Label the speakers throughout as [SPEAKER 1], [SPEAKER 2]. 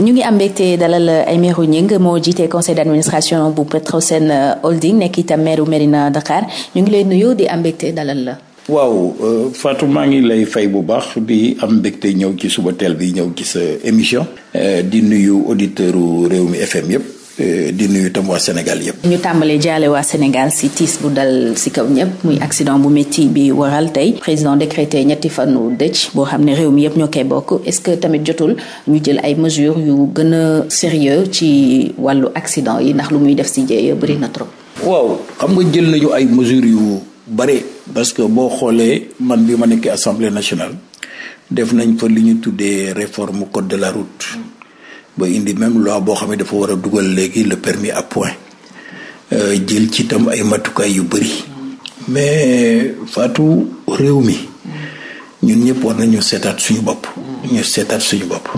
[SPEAKER 1] ñu ngi am mbégte dalal meeru Gningue moo jiitee conseil d' administration bu Petrosen euh, Holding nekk itam maire Mérina Dakar ñu ngi lay nuyu di am mbégte dalal la.
[SPEAKER 2] waaw euh, Fatou maa ngi lay fay bu baax bi am mbégte ñëw ci suba teel bi ñëw ci sa émission. Euh, di nuyu auditeurs u mi FM yëpp. Euh, di nuyu tam waa Sénégal yëpp.
[SPEAKER 1] ñu tàmbalee jaale waa Sénégal si tiis bu dal si kaw ñëpp muy accident bu métti bi waral tey président décrété ñetti fanu dëj boo xam ne réew mi yëpp ñoo koy bokk est-ce que tamit jotul ñu jël ay mesures yu gën a sérieux ci wàllu accident yi ndax lu muy def si jéeya bëri na trop.
[SPEAKER 2] waaw xam nga jël nañu ay mesures yu bare parce que boo xoolee man bi ma nekkee assemblée nationale def nañ fa li ñu tuddee réforme code d la route. ba indi même loi boo xam ne dafa war a dugal léegi le permis à point euh, jël ci tam ay mattukaay yu bëri mais faatu réew mi ñun ñëpp war nañu seetaat suñu bopp ñu seetaat suñu bopp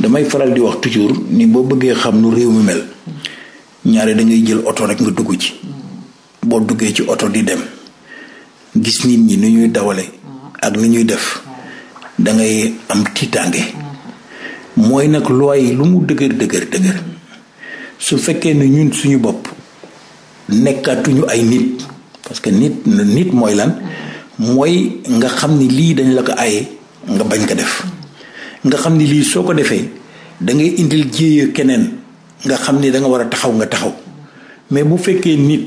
[SPEAKER 2] damay faral di wax toujours ni boo bëggee xam nu réew mi mel ñaare da jël oto rek nga dugg ci boo duggee ci oto di dem gis nit ñi nu ñuy dawale ak nu ñuy def dangay ngay am tiitaange mooy nag loi yi lu mu dëgër dëgër dëgër su fekkee ne ñun suñu bopp nekkatuñu ay nit parce que nit nit mooy lan mooy nga xam ni lii dañ la ko aaye nga bañ ko def nga xam ni lii soo ko defee dangay ngay indil jéeya keneen nga xam ni danga war a taxaw nga taxaw mais bu fekkee nit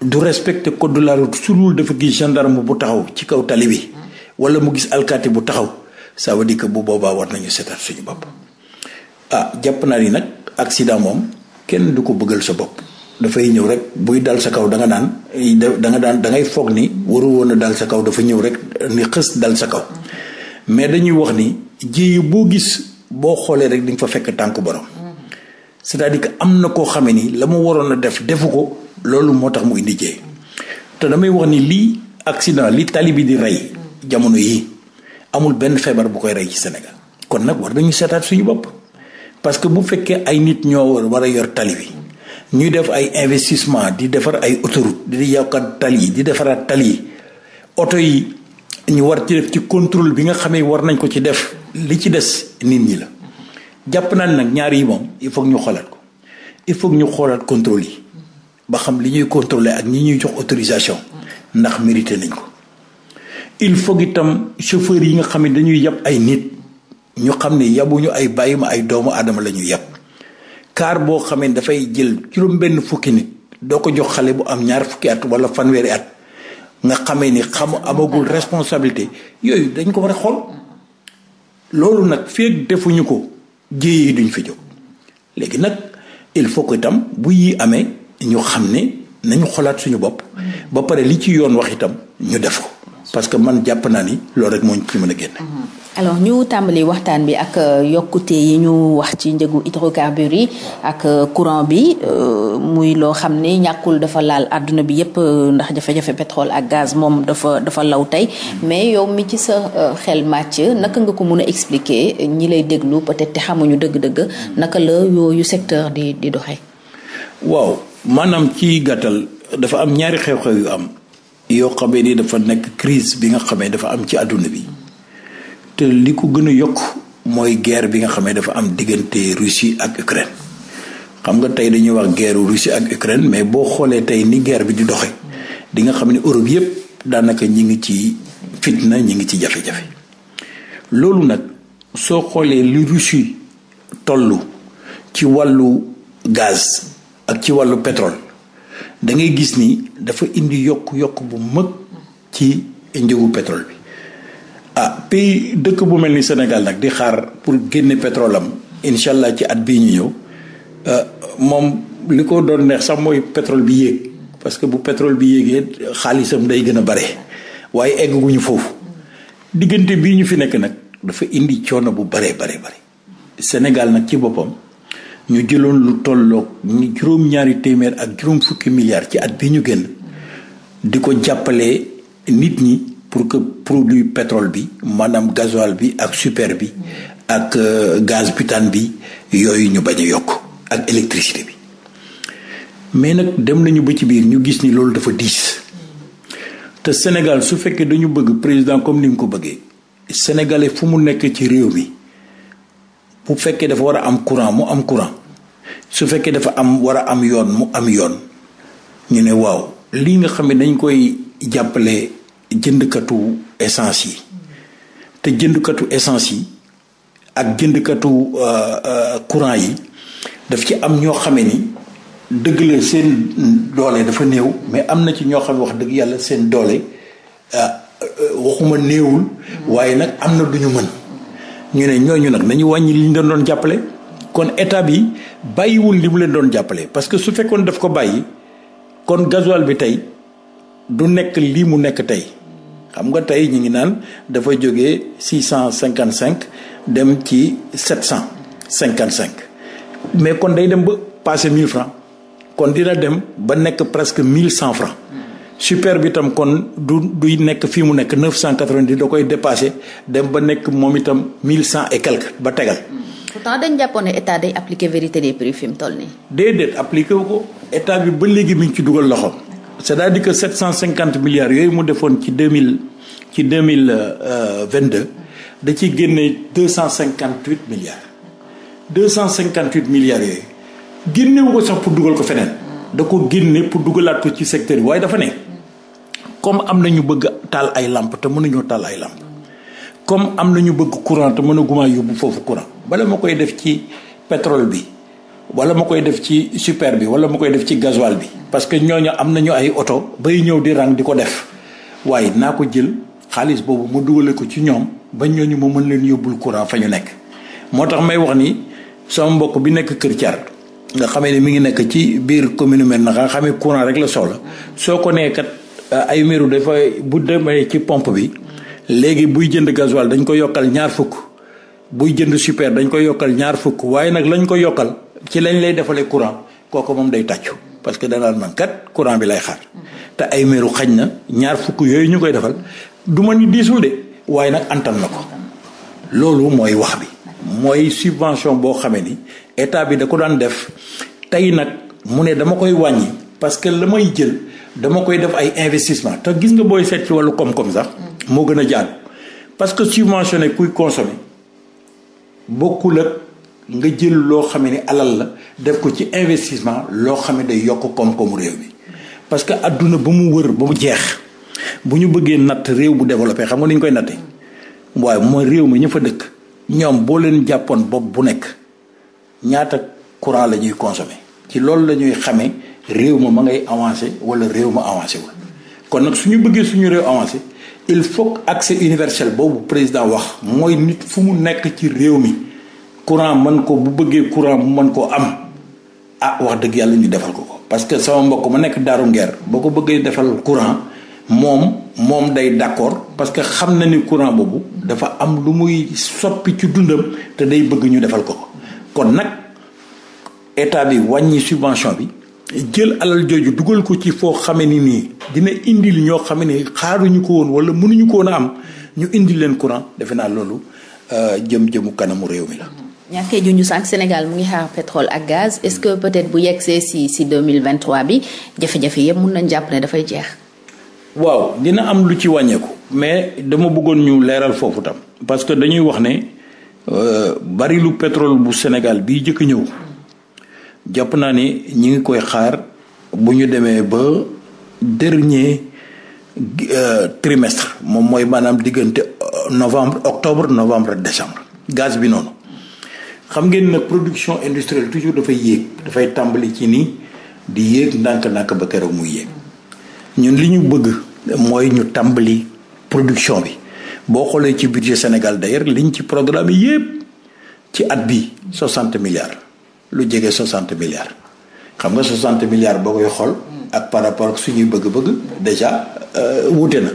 [SPEAKER 2] du respecté code de la route su dul dafa gis gendarme bu taxaw ci kaw tali bi wala mu gis alkaati bu taxaw ça veut dire bu boobaa war nañu seetaat suñu bopp. ah jàpp naa ni nag accident moom kenn du ko bëggal sa bopp dafay ñëw rek buy dal sa kaw danga nga naan da nga daan dangay foog ni waru woon a dal sa kaw dafa ñëw rek ni xës dal sa kow mais dañuy wax ni ji boo gis boo xoolee rek di fa fekk tànk borom cest na koo xamee ni la mu waroon a def defu ko loolu moo tax mu indi jee te damay wax ni lii accident li tali bi di rey jamono yi amul benn feebar bu koy rey ci Sénégal kon nag war nañu seetaat suñu bopp parce que bu fekkee ay nit ñoo war a yor tali bi ñuy def ay investissement di defar ay autoroute di yokkat tali yi di defaraat tali yi oto yi ñu war ci def ci contrôle bi nga xamee war nañ ko ci def li ci des nit ñi la jàpp naa nag ñaari yi moom il faut ñu xoolaat ko il faut ñu xoolaat contrôle yi ba xam li ñuy contrôler ak ñi ñuy jox autorisation ndax mérité nañ ko il faut itam chauffeur yi nga xam ne dañuy yàpp ay nit ñu xam ne yabuñu ay bàyyi ma ay doomu aadama la ñu yab kaar boo xamee dafay jël juróom-benn fukki nit doo ko jox xale bu am ñaar fukki at wala fanweeri at nga xamee ni xam amagul responsabilité yooyu dañ ko war a xool loolu nag feeg defuñu ko jéey duñ fi jóg léegi nag il faut que itam bu yi amee ñu xam ne nañu xolaat suñu bopp ba pare li ci yoon wax itam ñu def ko parce que man jàpp naa ni lool rek moo ci mën a génne. Mhm.
[SPEAKER 1] alors ñu tàmbali waxtaan bi ak euh, yokkute yi ñu wax ci njëgu hydrocarbures yi ak euh, courant bi euh, muy loo xam ne ñàkkul dafa laal àdduna bi yépp ndax jafe-jafe pétrole ak gaz moom dafa dafa law tey mhm. mais yow mi ci sa xel màcc naka nga ko mën a expliquer ñi lay déglu peut-être te xamuñu dëgg-dëgg mhm. naka la yooyu secteur di di doxee.
[SPEAKER 2] waaw maanaam ci gàttal dafa am ñaari xew-xew yu am. yoo xamee ni dafa nekk crise bi nga xamee dafa am ci àdduna bi te li ko gën a yokk mooy guerre bi nga xamee dafa am diggante Russie ak Ukraine xam nga tey dañuy wax guerre Russie ak Ukraine mais boo xoolee tey ni guerre bi di doxe di nga xam ne Europe yëpp daanaka ñi ngi ci fitna ñi ngi ci jafe-jafe loolu nag soo xoolee lu Russie tollu ci wàllu gaz ak ci wàllu pétrole dangay gis ni dafa indi yokk yokk bu mag ci njëgu pétrole bi ah pays dëkk bu mel ni Sénégal nag di xaar pour génne pétrole am incha allah ci at bii ñu ñëw ah, moom li ko doon neex sax mooy pétrole bi yéeg parce que bu pétrole bi yéegee xaalisam day gën a bare waaye egguñu foofu diggante bii ñu fi nekk nag dafa indi coono bu bare bare bare Sénégal nag ci boppam ñu jëloon lu tolloog ñu juróom-ñaari téeméer ak juróom fukki milliards ci at bi ñu génn di ko jàppale nit ñi pour que produit pétrole bi maanaam gasoil bi ak super bi ak euh, gaz butane bi yooyu ñu bañ yokk ak électricité bi mais nag dem nañu ba ci biir ñu gis ni loolu dafa diis te Sénégal su fekkee dañu bëgg président comme ni mu ko bëggee sénégalais fu mu nekk ci réew mi bu fekkee dafa war a am courant mu am courant su fekkee dafa am war a am yoon mu am yoon ñu ne waaw li nga xam ne dañ koy jàppale jëndkatu essence yi te jëndkatu essence yi ak jëndkatu euh, euh, courant yi daf ci am ñoo xame ni dëgg la seen doole dafa néew mais am na ci ñoo xam wax dëgg yàlla seen doole euh, waxuma néewul waaye nag am na duñu mën ñu ne ñooñu nag nañu wàññi li ñu leen doon jàppale kon état bi bàyyiwul li mu leen doon jàppale parce que su fekkoon def ko bàyyi kon gasoil bi tey du nekk lii mu nekk tey xam nga tey ñu ngi naan dafa jóge six cent cinquante cinq dem ci sept cent cinquante cinq mais kon day dem ba passé mille francs kon dina dem ba nekk presque mille cent francs super bi tam kon du duy nekk fii mu nekk 990 da koy dépassé dem ba nekk moom itam 1100 et quelque ba tegal.
[SPEAKER 1] pourtant dañ jàppoon ne état day appliquer vérité des prix fi mu toll nii.
[SPEAKER 2] déedéet appliqué ko état bi ba léegi mi ngi ci dugal loxoom. c'est-à-dire que 750 milliards yooyu mu defoon ci 2000 ci 2022 euh, da ciy génne 258 milliards. 258 milliards yooyu génnewu ko sax pour dugal ko feneen. da ko génne pour dugalaat ko ci secteur bi waaye dafa ne comme am na ñu bëgg taal ay làmp te mënuñoo taal ay làmp comme am na ñu bëgg courant te mënaguma yóbbu foofu courant bala ma koy def ci pétrole bi wala ma koy def ci super bi wala ma koy def ci gasoil bi parce que ñooñu am nañu ay oto bay ñëw di rang di ko def waaye naa ko jël xaalis boobu ma dugale ko ci ñoom ba ñooñu ma mën leen yóbbul courant fa ñu nekk moo tax may wax ni sama mbokk bi nekk Kër Thiar nga xamee ne mi ngi nekk ci biir commune na nga xamee courant rek la soxla Euh, ay méru dafa bu demee ci pomp bi léegi buy jënd gasoil dañ ko yokkal ñaar fukk buy jënd super dañ ko yokkal ñaar fukk waaye nag lañ ko yokkal ci lañ lay defalee courant kooku moom day tàccu parce que danaan man kat courant bi lay xaar mm-hmm. te ay méru xañ na ñaar fukk yooyu ñu koy defal du ma ñu diisul de waaye nag antan na ko loolu mooy wax bi mooy subvention boo xamee ni état bi da ko daan def tey nag mu ne dama koy wàññi parce que la may jël dama koy def ay investissement te gis nga booy seet ci wàllu koom-koom sax. moo gën a jaadu parce que subventionné kuy consommer bokkul ak nga jël loo xam ne alal la def ko ci investissement loo xam ne day yokk koom-koomu réew bi parce que adduna ba mu wër ba mu jeex bu ñu bëggee natt réew bu développé xam nga ni ñu koy nattee waaye mooy réew mi ñu fa dëkk ñoom boo leen jàppoon bopp bu nekk ñaata courant la ñuy consommer ci loolu la ñuy xamee. réew ma ma ngay avancé wala réew ma avancé wul kon nag suñu bëggee suñu réew avancé il faut accès universel boobu président wax mooy nit fu mu nekk ci réew mi courant mën ko bu bëggee courant bu mën koo am ah wax dëgg yàlla ñu defal ko ko parce que sama mbokk ma nekk daaru ngeer boo ko bëggee defal courant moom moom day d'accord parce que xam na ni courant boobu dafa am lu muy soppi ci dundam te day bëgg ñu defal ko ko kon nag état bi wàññi subvention bi jël alal jooju dugal ko ci foo xame ni nii dina indil ñoo xame ni xaaruñu ko woon wala mënuñu ko woon a am ñu indi leen courant defe naa loolu euh, jëm jëmu kanamu réew mi la.
[SPEAKER 1] ñàkkee junj sànq Sénégal mu ngi xaar pétrole ak gaz est-ce que peut-être bu yegsee si si 2023 bi jafe-jafe yëpp mun nañ jàpp ne dafay jeex.
[SPEAKER 2] waaw dina am lu ci wàññeeku. mais dama bëggoon ñu leeral foofu tam. parce que dañuy wax ne euh, barilu pétrole bu Sénégal bii jëkk ñëw. jàpp naa ni ñu ngi koy xaar bu ñu demee ba dernier euh, trimestre moom mooy maanaam diggante euh, novembre octobre novembre décembre gaz bi noonu xam ngeen nag production industrielle toujours dafay yéeg dafay tàmbali ci nii di yéeg ndànk-ndànk ba keroog mu yéeg ñun li ñu bëgg mooy ñu tàmbali production bi boo xoolee ci budget Sénégal d'ailleurs liñ ci programme yépp ci at bi soixante milliards lu jege 60 milliards xam nga 60 milliards boo koy xool ak par rapport ak suñuy bëgg-bëgg déjà euh, wuute na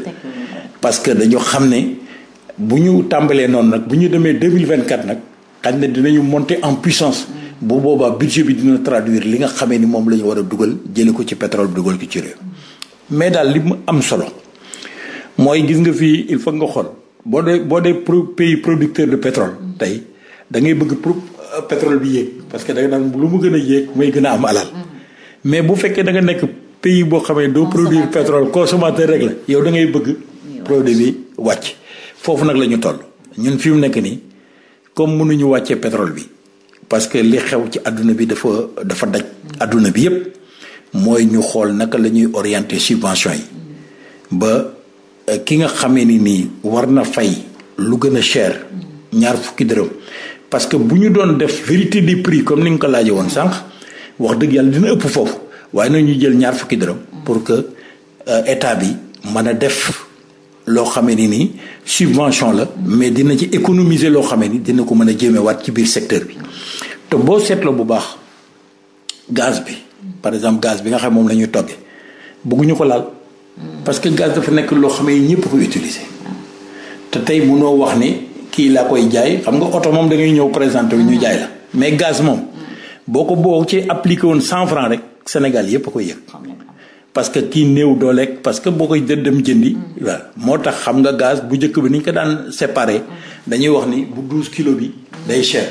[SPEAKER 2] parce que dañu xam ne bu ñu tàmbalee noonu nag bu ñu demee 2024 nag xañ na dinañu monter en puissance bu boobaa budget bi dina traduire li nga xamee ni moom la ñu war a dugal jële ko ci pétrole dugal ko ci réew mais daal li mu am solo mooy gis nga fii il faut nga xool boo dee boo dee pays producteur de pétrole tey da bëgg pétrole bi yéeg parce que da nga naan lu mu gën a yéeg muy gën a am alal mais bu fekkee danga nekk pays boo xamee doo produire pétrole consommateur rek la yow da ngay bëgg produit bi wàcc foofu nag la ñu toll ñun fi mu nekk nii comme mënuñu wàccee pétrole bi parce que li xew ci àdduna bi dafa dafa daj àdduna bi yépp mooy ñu xool naka la ñuy orienter subvention yi ba eh, ki nga xamee ni nii war na fay lu gën a cher ñaar fukki dërëm parce que bu ñu doon def vérité des prix comme ni nga ko laajee woon sànq wax dëgg yàlla dina ëpp foofu waaye nag ñu jël ñaar fukki dërëm pour que euh, état bi mën a def loo xamee ni nii subvention la mais dina ci économiser loo xamee ni dina ko mën a jéeme waat ci biir secteur bi te boo seetloo bu baax gaz bi par exemple gaz bi nga xam moom lañuy ñuy toggee bëgguñu ko laal parce que gaz dafa nekk loo xamee ñëpp ko utiliser te tey mënoo wax ni kii laa koy jaay xam nga oto moom da ngay ñëw présenté wu ñu jaay la mais gaz moom boo ko boo ci appliqué woon cent franc rek Sénégal yëpp a koy yëg parce que ki néew dooleeg parce que boo koy dem jëndi. waaw moo tax xam nga gaz bu njëkk bi ni ñu ko daan séparé dañuy wax ni bu douze kilo bi day cher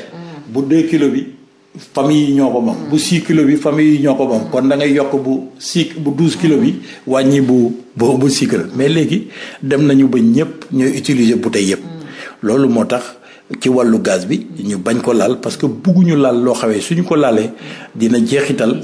[SPEAKER 2] bu deux bi. famille yi ñoo ko moom bu 6 kilo bi famille ko moom kon da ngay yokk bu 6 bu 12 kilo bi wàññi bu bu bu 6 kilo mais léegi dem nañu ba ñëpp ñooy utiliser bouteille yëpp. loolu moo tax ci wàllu gaz bi ñu bañ ko laal parce que bugguñu laal loo xawee suñu ko laalee dina jeexital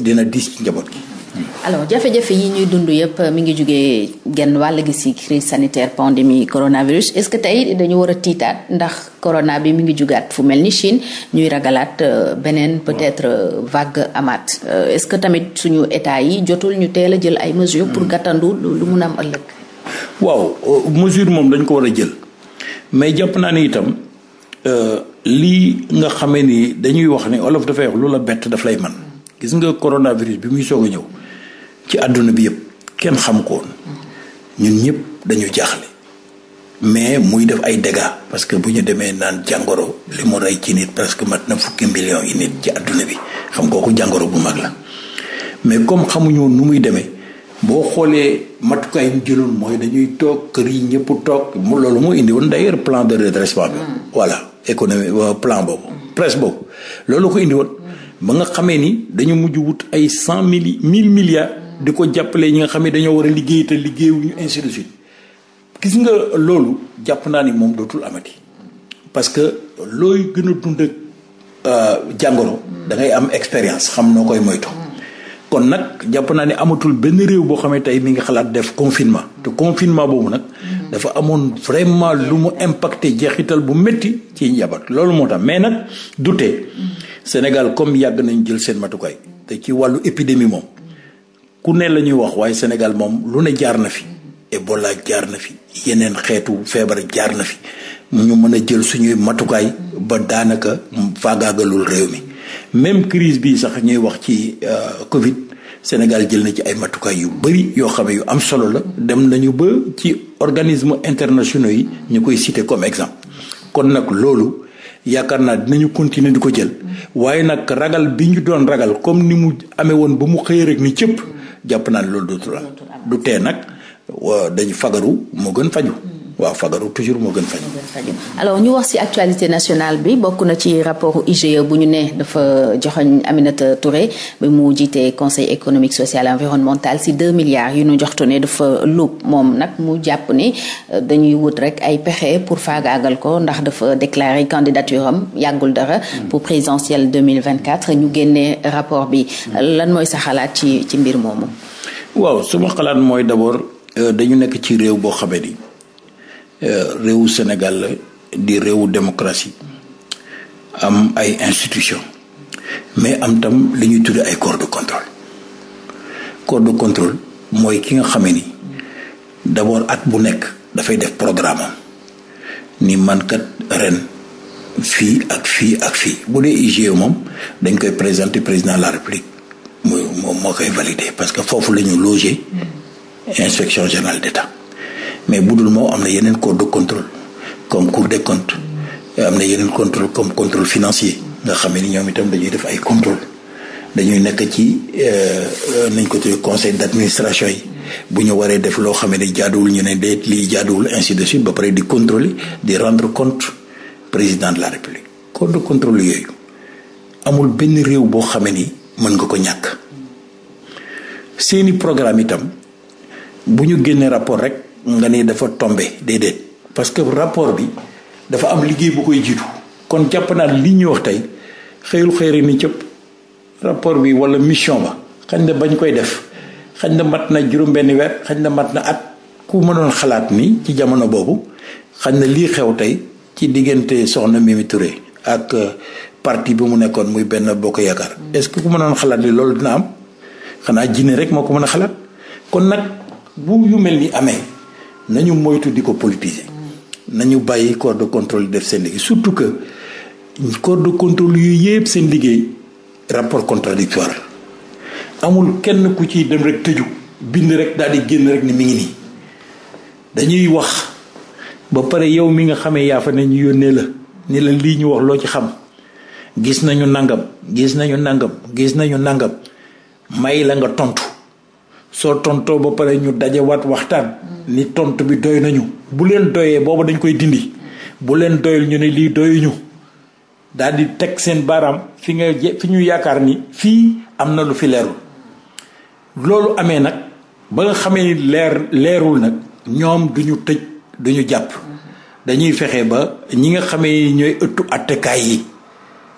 [SPEAKER 2] dina diis ci njaboot gi mm-hmm.
[SPEAKER 1] alors jafe-jafe yi ñuy dund yépp mi ngi jugee genn wàll gi ci crise sanitaire pandémie coronavirus est-ce que tey dañu war a tiitaat ndax corona bi mi ngi jugaat fu mel ni Chine ñuy ragalaat euh, beneen peut-être euh, vague amaat euh, est-ce que tamit suñu état yi jotul ñu teel a jël ay mesures pour mm-hmm. gàttandu lu mun a am ëllëg
[SPEAKER 2] waaw mesure moom dañ ko war a jël mais jàpp naa ne itam euh, lii nga xamee ni dañuy wax ni olof dafay wax lu la bett daf lay man gis nga coronavirus bi muy soog a ñëw ci àdduna bi yëpp kenn xam ko woon ñun ñëpp dañu jaaxle mais muy def ay dégâts parce que bu ñu demee naan jàngoro li rey ci nit presque mat na fukki millions yi nit ci àdduna bi xam kooku jàngoro bu mag la mais comme xamuñu nu muy demee. boo xoolee matukaay yi ñu jëloon mooy dañuy toog kër yi ñëpp toog mu loolu moo indi woon d'ailleurs plan de redressement bi mm. voilà économie euh, plan boobu mm. presse boobu loolu ko indiwoon woon mm. ba nga xamee ni dañu mujj wut ay cent mille mille milliards di ko jàppale ñi nga xam ne dañoo war a liggéey te liggéeyuñu ainsi gis nga loolu jàpp naa ni moom dootul amati parce que looy gën a dund ak euh, jàngoro da ngay am expérience xam noo koy moytu kon nag jàpp naa ne amatul benn réew boo xam ne tey mi ngi xalaat def confinement te confinement boobu nag dafa amoon vraiment lu mu impacté jeexital bu métti ci njaboot loolu moo tax mais nag du Sénégal comme yàgg nañ jël seen matukaay ci wàllu épidémie moom ku ne la ñuy wax waaye Sénégal moom lu ne jaar na fi Ebola jaar na fi yeneen xeetu feebar jaar na fi ñu mën a jël suñuy matukaay ba daanaka faagaagalul réew mi même crise bi sax ñuy wax ci euh, Covid Sénégal jël na ci ay matukaay yu bëri yoo xam ne yu am solo la dem nañu ba ci organisme internationaux yi ñu koy cité comme exemple kon nag loolu yaakaar naa dinañu continuer di ko jël waaye nag ragal bi ñu doon ragal comme ni mu amee woon ba mu xëy rek ni cëpp jàpp naa ne loolu dootul am du tee nag dañu fagaru moo gën faju waaw fagaru toujours moo gën faju
[SPEAKER 1] alors ñu wax ci actualité nationale bi bokk na ci rapport IGE bu ñu nee dafa joxoñ Aminata Touré bi mu jiitee conseil économique social environnemental ci deux milliards yu nu joxtu ne dafa lu moom nag mu jàpp ni euh, dañuy wut rek ay pexe pour faagaagal ko ndax dafa déclarer candidature am yàggul dara mm. pour présidentielle 2024 ñu génnee rapport bi mm. lan mooy sa xalaat ci ci mbir moomu
[SPEAKER 2] waaw suma xalaat mooy d'abord euh, dañu nekk ci réew boo xamee ni Euh, réewu Sénégal di réewu démocratie am ay institution mais am tam li ñuy tuddee ay corps de contrôle corps de contrôle mooy ki nga xamee ni d'abord at bu nekk dafay def programme am ni mankat ren fii ak fii ak fii bu dee IGE moom dañ koy présenter président de la République muy moom moo koy valider parce que foofu la ñu mm. inspection générale d'État mais bu dul moo am na yeneen corps de contrôle comme cour des comptes am na yeneen contrôle comme contrôle financier nga xam ni ñoom itam dañuy def ay contrôle dañuy nekk ci euh, nañ ko tuddee conseil d' administration yi bu ñu waree def loo xam ne jaaduwul ñu ne déet lii jaaduwul ainsi de suite ba pare di contrôler di rendre compte président de la république. corps de contrôle yooyu amul benn réew boo xamee ni mën nga ko ñàkk seeni programme itam bu ñu génnee rapport rek. nga ne dafa tombe déedéet parce que rapport bi dafa am liggéey bu koy jiitu kon jàpp naa li ñuy wax tey xëyul xëyri ni cëpp rapport bi wala mission ba xañ na bañ koy def xañ na mat na juróom-benn weer xañ na mat na ak ku mënoon xalaat ni ci jamono boobu xañ na lii xew tey ci diggante soxna Mimi Touré ak euh, parti bi mu nekkoon muy benn bokk yaakaar est-ce que ku mënoon xalaat li loolu dina am xanaa jinne rek moo ko mën a xalaat kon nag bu yu mel ni amee nañu moytu di ko politiser. nañu bàyyi corps de contrôle def seen liggéey surtout que corps de contrôle yu yëpp seen liggéey rapport contradictoire amul kenn ku ciy dem rek tëju bind rek daal di génn rek ni mi ngi nii dañuy wax ba pare yow mi nga xamee yaa fa ne ñu yónnee la ni la lii ñu wax loo ci xam gis nañu nangam gis nañu nangam gis nañu nangam may la nga tontu. soo tontoo ba pare daje wat waxtaan ni tontu bi doy nañu bu leen doyee boobu dañ koy dindi bu leen doyul ñu ne lii doyuñu daldi teg seen baaraam fi nga fi ñu yaakaar ni fii am na lu fi leerul loolu amee nag ba nga xamee leer leerul nag ñoom duñu tëj duñu jàpp dañuy fexe ba ñi nga xamee ñooy ëttu attekaay yi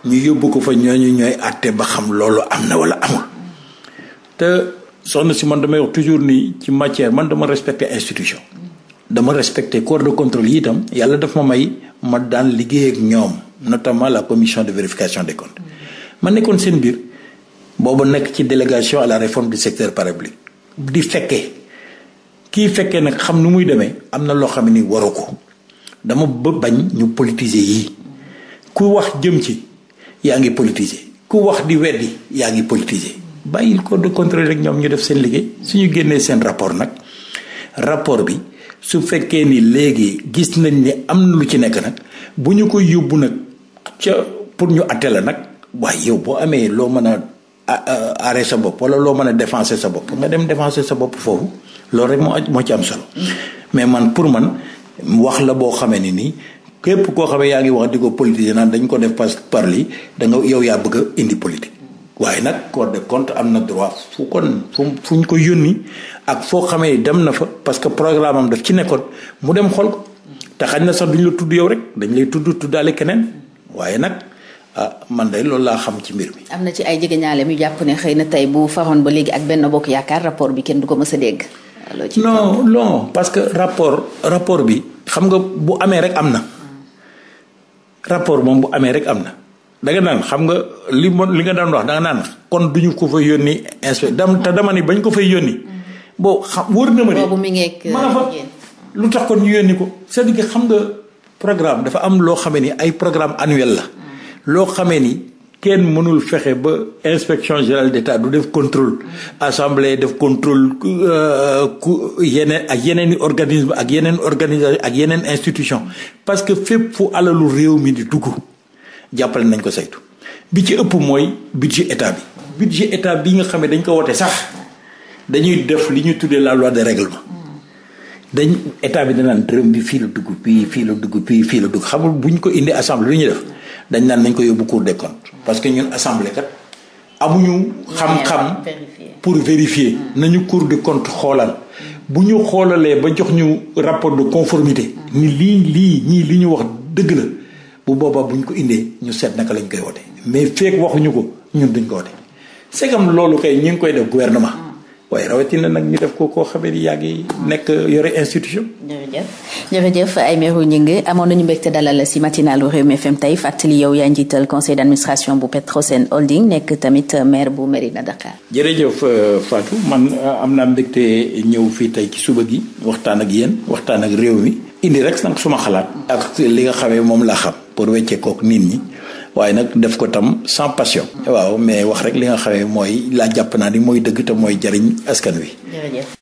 [SPEAKER 2] ñu yóbbu ko fa ñooñu ñooy atte ba xam loolu am na wala amul soxna si man damay wax toujours ni ci matière man dama respecté institution. dama respecté corps de contrôle yi itam yàlla daf ma may ma daan liggéey ak ñoom notamment la commission de vérification des comptes. ma nekkoon seen biir booba nekk ci délégation à la réforme du secteur parapublic di fekke kii fekkee nag xam nu muy demee am na loo xam ni waru ko dama ba bañ ñu politiser yi ku wax jëm ci yaa ngi politiser ku wax di weddi yaa ngi politiser. bàyyil corps de contrôle rek ñoom ñu def seen liggéey suñu génnee seen rapport nag rapport bi su fekkee ni léegi gis nañ ni am na lu ci nekk nag bu ñu koy yóbbu nag ca pour ñu atte la nag waaye yow boo amee loo mën a aaree sa bopp wala loo mën a défenser sa bopp nga dem défenser sa bopp foofu loolu rek moo moo ci am solo mais man pour man wax la boo xamee ni nii képp koo xamee yaa ngi wax di ko politique dañ ko def parce que par lii da yow yaa bëgg indi politique. waaye nag Cour des comptes am na droit fu kon fu fu ñu ko yónni ak foo xamee dem na fa parce que programme am daf ci nekkoon mu dem xool ko te xañ na sax duñu la tudd yow rek dañ lay tudd tuddaale keneen waaye nag ah man de loolu laa xam ci mbir mi.
[SPEAKER 1] am na ci ay jegeñaale mu jàpp ne xëy na tey bu faxoon ba léegi ak benn bokk yaakaar rapport bi kenn du ko mës a dégg.
[SPEAKER 2] non non parce que rapport rapport bi xam nga bu amee rek am na rapport moom bu amee rek am na. danga nga xam nga li mo li nga daan wax danga nga naan kon ñu ko fa yónni inspecteur dam te dama ni bañ ko fay yónni mm-hmm. boo xam wër na ma ni ma fa lu tax kon ñu yónni ko cest à xam nga programme dafa am loo xamee ni ay programme annuel la mm-hmm. loo xamee ni kenn mënul fexe ba inspection générale d'État du def contrôle mm-hmm. assemblée def contrôle euh, ku yeneen ak yeneen i organisme ak yeneen organisation ak yeneen institution parce que fépp fu alalu réew mi di dugg jàppale nañ ko saytu bi ci ëpp mooy budget état bi budget état bi nga xam ne dañ ko wote sax dañuy def li ñu tuddee la loi de règlement dañ état bi danaan dërëm bi fii la dugg bii fii la dugg bii fii la dugg xamul bu ñu ko indi assemblée lu ñu def dañ naan nañ ko yóbbu cour des comptes parce que ñun assemblée kat amuñu xam-xam pour vérifier hmm. nañu cour des comptes xoolal bu ñu xoolalee ba jox ñu rapport de conformité hmm. ni lii lii ñii li ñu wax dëgg la bu boobaa bu ñu ko indee ñu seet naka lañ koy wote mais feek waxuñu ko ñun duñ ko wote segam loolu kay ñu ngi koy def gouvernement mm. waaye rawatina nag ñu def ko koo xamee ni yaa ngi nekk yore institution.
[SPEAKER 1] jërëjëf jërëjëf Aymérou Gningue amoon na nañu mbégte dalal si matinalu Rewmi FM tey fàttali yow yaa njiital conseil d'administration bu Petrosen Holding nekk tamit maire bu Mérina Dakar.
[SPEAKER 2] jërëjëf euh, Fatou man euh, am naa mbégte ñëw fii tey ci suba gi waxtaan ak yéen waxtaan ak réew mi indi rek nag suma xalaat ak li nga xamee moom laa xam pour wecce kook nit ñi waaye nag def ko tam sans passion waaw mais wax rek li nga xame mooy laa jàpp naa ni mooy dëgg te mooy jariñ askan
[SPEAKER 1] wi